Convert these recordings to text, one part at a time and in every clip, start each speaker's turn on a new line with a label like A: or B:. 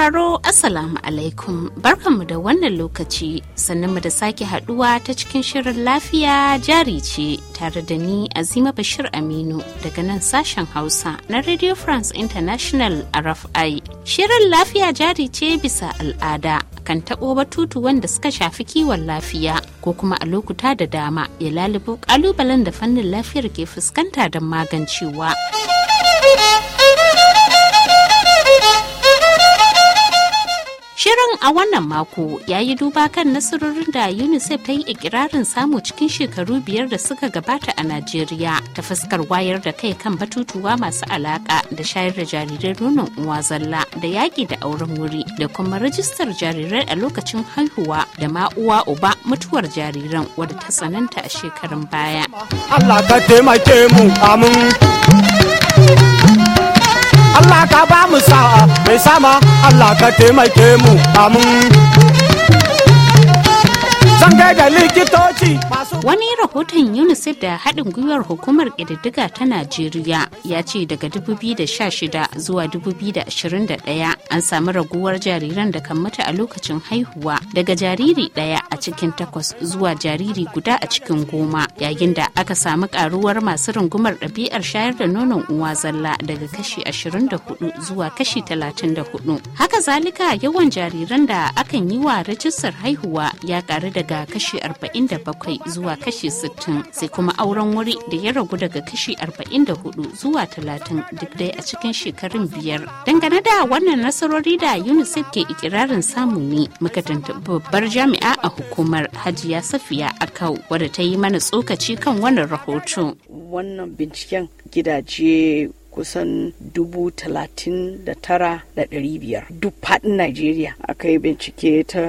A: sauraro Assalamu alaikum barkanmu da wannan lokaci sannanmu da sake haduwa ta cikin shirin lafiya jari ce tare da ni Azima Bashir Aminu daga nan sashen Hausa na Radio France International RFI. Shirin lafiya jari ce bisa al'ada kan taɓo batutu wanda suka shafi kiwon lafiya ko kuma a lokuta da dama ya lalubo kalubalen da fannin lafiyar ke fuskanta don magancewa. a wannan mako ya yi duba kan nasarorin da unicef ta yi ikirarin samu cikin shekaru biyar da suka gabata a najeriya ta fuskar wayar da kai kan batutuwa masu alaka da shayar da jarirai nonon uwa zalla da yaƙi da auren wuri da kuma rajistar jarirai a lokacin haihuwa da ma uwa uba mutuwar jariran wadda ta tsananta a shekarun baya
B: allah ka taimake mu amin Allah ka ba mu sa'a mai sama Allah
C: ka taimake mu amin
A: wani rahoton unicef da haɗin gwiwar hukumar ƙididdiga ta najeriya ya ce daga 2016 zuwa 2021 an sami raguwar jariran da kan mutu a lokacin haihuwa daga jariri ɗaya a cikin takwas zuwa jariri guda a cikin goma yayin da aka sami ƙaruwar masu rungumar ɗabi'ar shayar da nonon uwa zalla daga kashi 24 zuwa kashi 34 haka zalika yawan jariran da akan yi wa rajistar haihuwa ya ƙaru daga daga kashi 47 zuwa kashi 60 sai kuma auren wuri da ya ragu daga kashi 44 zuwa 30 duk dai a cikin shekarun biyar. Dangane da wannan nasarori da UNICEF ke ikirarin samu ne muka tuntuɓi babbar jami'a a hukumar Hajiya Safiya Akau wadda ta yi mana tsokaci kan wannan rahoto.
D: Wannan binciken gidaje kusan dubu talatin da tara da ɗari biyar duk faɗin najeriya aka yi bincike ta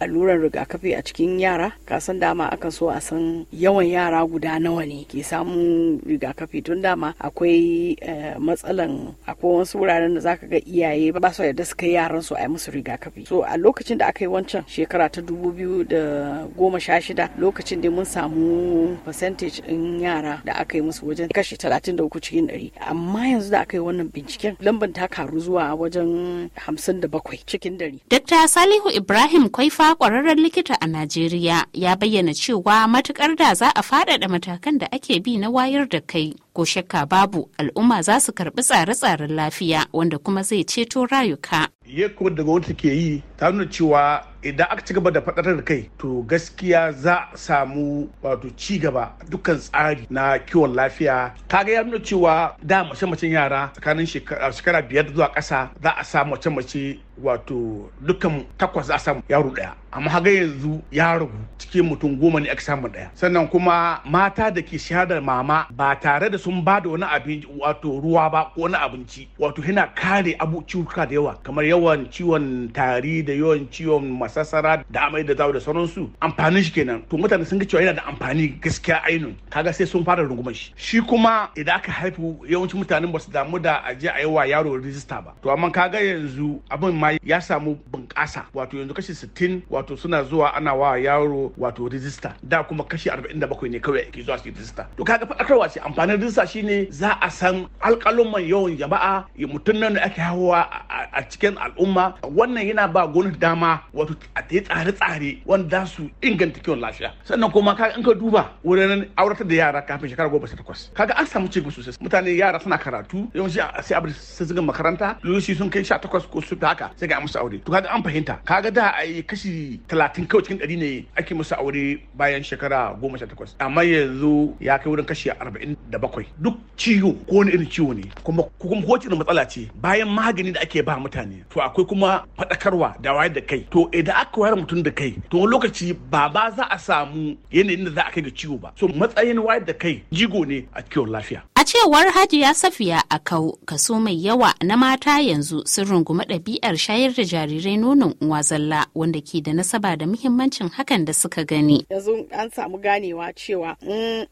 D: alluran rigakafi a cikin yara kasan dama aka so a san yawan yara guda nawa ne ke samun rigakafi tun dama akwai eh, matsalan akwai wasu wuraren da zaka ga iyaye ba su yarda su kai yaran su a yi musu rigakafi so a lokacin da aka yi wancan shekara ta dubu biyu da goma sha shida lokacin da mun samu percentage ɗin yara da aka yi musu wajen kashi talatin da uku cikin ɗari amma yanzu da aka yi wannan binciken lamban ta karu zuwa wajen hamsin da bakwai cikin dare.
A: dokta Salihu Ibrahim Kwaifa kwararren likita a Najeriya ya bayyana cewa matukar da za a faɗaɗa matakan da ake bi na wayar da kai ko shakka babu al'umma za su karbi tsare-tsaren lafiya wanda kuma zai ceto rayuka.
C: kuma da wata ke yi ta nuna cewa idan aka ci gaba da faɗarar kai to gaskiya za a samu wato ci gaba dukkan tsari na kiwon lafiya kaga ya nuna cewa da mace-macen yara tsakanin shekara biyar zuwa ƙasa za a samu mace-mace wato dukkan takwas za a samu yaro ɗaya amma haga yanzu ya ragu cikin mutum goma ne aka samu ɗaya sannan kuma mata da ke shahadar mama ba tare da sun ba da wani abinci wato ruwa ba ko wani abinci wato yana kare abu ciwuka da yawa kamar yawan ciwon tari da yawan ciwon masasara da amai da zawo da sauransu amfanin shi kenan to mutane sun ga cewa yana da amfani gaskiya ainun kaga sai sun fara rungumar shi shi kuma idan aka haifu yawancin mutanen ba su damu da aje a yawa yaro rijista ba to amma kaga yanzu abin ma ya samu bunƙasa wato yanzu kashi 60 wato suna zuwa ana wa yaro wato rijista da kuma kashi 47 ne kawai ke zuwa su rijista to kaga akarwa ce amfanin sa ne za a san alƙaluman yawan jama'a mutum nan da ake hawa a cikin al'umma wannan yana ba gona dama wato a ta yi tsare-tsare wanda za su inganta kiwon lafiya sannan kuma ka in ka duba wurin auratar da yara kafin shekara goma sha takwas kaga an samu cigaba sosai mutane yara suna karatu yawanci sai abu sun zuga makaranta lokaci sun kai sha takwas ko su haka sai ga musu aure to kaga an fahimta kaga da a yi kashi talatin kawai cikin ɗari ne ake musu aure bayan shekara goma sha takwas amma yanzu ya kai wurin kashi arba'in da bakwai akwai duk ciwo ko wani irin ciwo ne kuma kuma ko irin matsala ce bayan magani da ake ba mutane to akwai kuma faɗakarwa da wayar da kai to idan aka wayar mutum da kai to a lokaci ba ba za a samu yanayin da za a kai ga ciwo ba so matsayin wayar da kai jigo ne a kiwon lafiya
A: A cewar Hajiya Safiya a kawo kaso mai yawa na mata yanzu sun rungumi ɗabi'ar shayar da jarirai nonon uwa zalla wanda ke da nasaba da muhimmancin hakan da suka gani.
D: Yanzu an samu ganewa cewa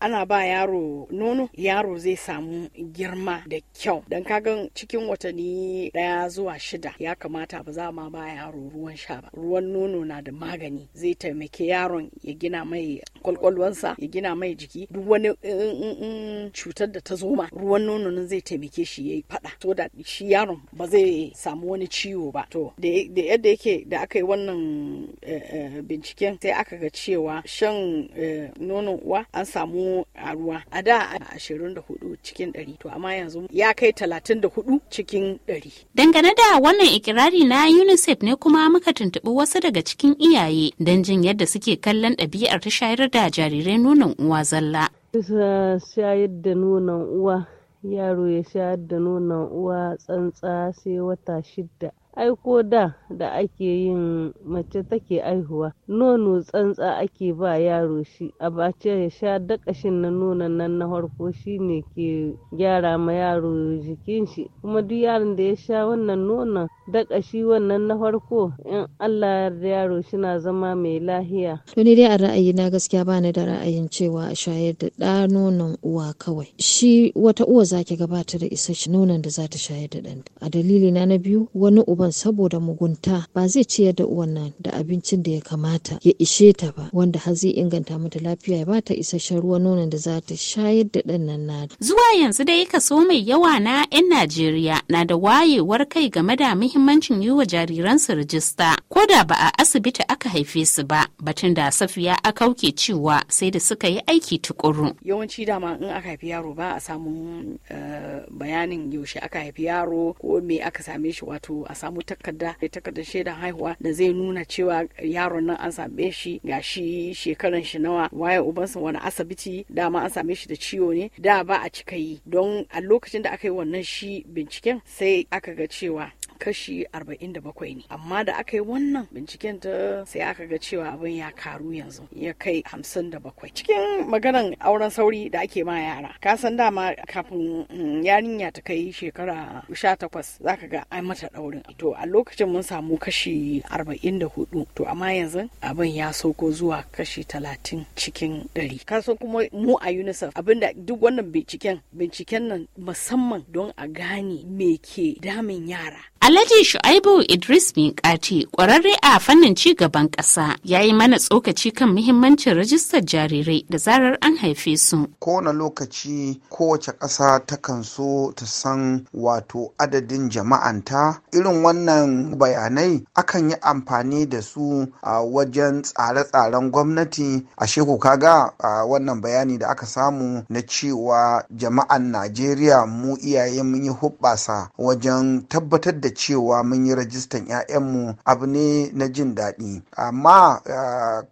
D: ana ba yaro nono, yaro zai samu girma da kyau. Dan kagan cikin watanni ɗaya zuwa shida ya kamata ba za ma ba yaro ruwan sha ba. Ruwan nono na da magani zai taimake yaron ya gina mai kwalkwalwansa ya gina mai jiki duk wani cutar da ta zoma ruwan nono zai taimake shi yayi fada to da shi yaron ba zai samu wani ciwo ba to da yadda yake da aka yi wannan eh, eh, binciken sai aka ga cewa shan eh, nonon uwa an samu a ruwa a da 24 cikin 100 to amma yanzu ya kai talatin da 34 cikin 100
A: dangane da wannan ikirari na UNICEF ne kuma muka tuntuɓi wasu daga cikin iyaye don jin yadda suke kallon ɗabi'ar ta shayar da jarirai nonon uwa zalla bisa shayar da nonon uwa yaro ya shayar da nonon uwa tsantsa sai wata shidda aiko da da ake yin mace take aihuwa nono tsantsa ake ba yaro shi a bace ya sha dakashin na nonon nan na harko shine ke gyara ma yaro jikin shi kuma duk yaron da ya sha wannan nonon dakashi wannan na farko in Allah yarda yaro na zama mai lahiya to ni dai a ra'ayi na gaskiya bani da ra'ayin cewa a shayar da ɗa nonon uwa kawai shi wata uwa zaki gabata da isasshen nonon da zata shayar da ɗanta a dalili na na biyu wani uba uban saboda mugunta ba zai ciyar da uwan nan da abincin da ya kamata ya ishe ta ba wanda har zai inganta mata lafiya ya bata isasshen ruwa nonon da za ta shayar da ɗan nan nata. Zuwa yanzu dai kaso mai yawa na 'yan Najeriya na da wayewar kai game da muhimmancin yi wa jariransu rijista ko da ba a asibiti aka haife su ba batun da safiya a kauke cewa sai da suka yi aiki tukuru.
D: Yawanci dama in aka haifi yaro ba a samu eh, bayanin yaushe aka haifi yaro ko me aka same shi wato a samu takarda takardar shaidar haihuwa da zai nuna cewa yaron nan an same shi ga shi shekaran shi nawa waye ubansa wani asibiti dama an same shi da ciwo ne da ba a cika yi don a lokacin da aka yi wannan shi binciken sai aka ga cewa kashi arba'in 47 ne amma da aka yi wannan binciken ta sai aka ga cewa abin ya karu yanzu ya kai hamsin da 57 cikin maganan auren sauri da ake ma yara ka san dama kafin mm, yarinya ta kai shekara 18 zaka ga ai mata daurin to a lokacin mun samu kashi 44 to amma yanzu abin ya sauko zuwa kashi 30 cikin 100 kasan kuma mu a unicef abinda duk wannan binciken binciken nan musamman don a gane me ke damin yara
A: Alhaji Shu'aibu Idris Minkati kwararre a fannin ci gaban ƙasa ya yi mana tsokaci kan muhimmancin rajistar
B: jarirai da zarar an haife su. Kowane lokaci kowace ƙasa takan so ta san wato adadin jama'anta irin wannan bayanai akan yi amfani da su a wajen tsare-tsaren gwamnati a sheku kaga a wannan bayani da aka samu na cewa jama'an najeriya mu iyaye mun yi hubbasa wajen tabbatar da cewa mun yi rajistan 'ya'yanmu abu ne na jin daɗi amma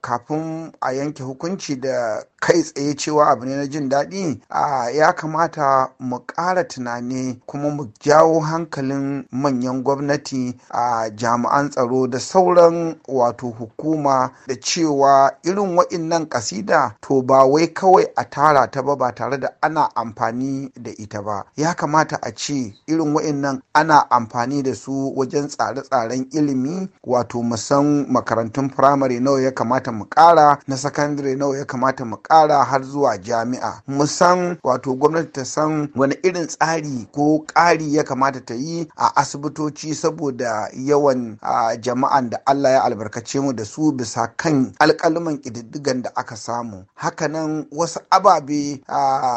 B: kafin a yanke hukunci da kai tsaye cewa abu ne na jin daɗi a ya kamata mu ƙara tunani kuma mu jawo hankalin manyan gwamnati a jami'an tsaro da sauran wato hukuma da cewa irin wa'innan ƙasida to ba wai kawai a tara ta ba ba tare da ana amfani da ita ba ya kamata a ce irin wa'innan ana amfani da su wajen tsare-tsaren ilimi wato musan makarantun firamare nawa ya kamata mu ƙara na sakandare nawa ya kamata mu ƙara har zuwa jami'a Mu san wato gwamnati ta san wani irin tsari ko ƙari ya kamata ta yi a asibitoci saboda yawan jama'an da Allah ya albarkace mu da su bisa kan alkaluman ƙididdigan da aka samu hakanan wasu ababe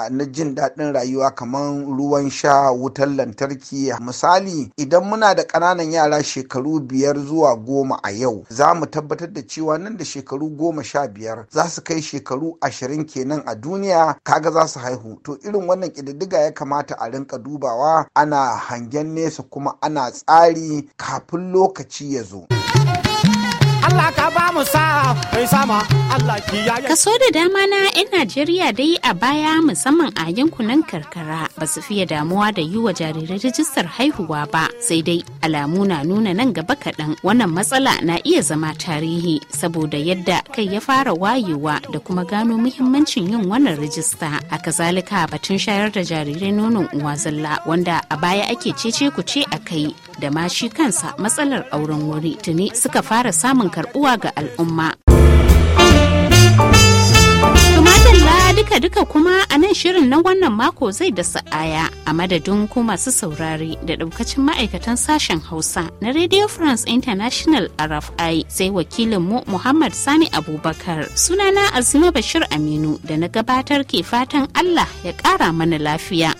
B: na jin daɗin rayuwa kamar ruwan sha wutar lantarki misali idan muna da ƙananan yara shekaru biyar zuwa goma a yau za mu tabbatar da cewa nan da shekaru goma sha biyar za su kai shekaru ashirin ashirin kenan a duniya kaga za su haihu to irin wannan ƙididdiga ya kamata a rinka dubawa ana hangen nesa kuma ana tsari kafin lokaci ya zo. Allah ka ba mu sa mai sama Allah Kaso da
A: dama na 'yan Najeriya dai a baya musamman a yankunan karkara ba su fiye damuwa da yi wa jarirai rijistar haihuwa ba sai dai alamu na nuna nan gaba kaɗan wannan matsala na iya zama tarihi saboda yadda kai ya fara wayewa da kuma gano muhimmancin yin wannan rajista a kazalika batun shayar da jarirai nonon uwa zalla wanda a baya ake cece ku ce a kai da ma shi kansa matsalar auren wuri tuni suka fara samun karbuwa ga al'umma. duka-duka kuma a nan shirin na wannan mako zai da sa'aya a madadin ku masu saurari da ɗaukacin ma'aikatan sashen hausa na radio france international rfi sai wakilin mu muhammad sani abubakar sunana azima bashir aminu da na gabatar ke fatan allah ya ƙara mana lafiya.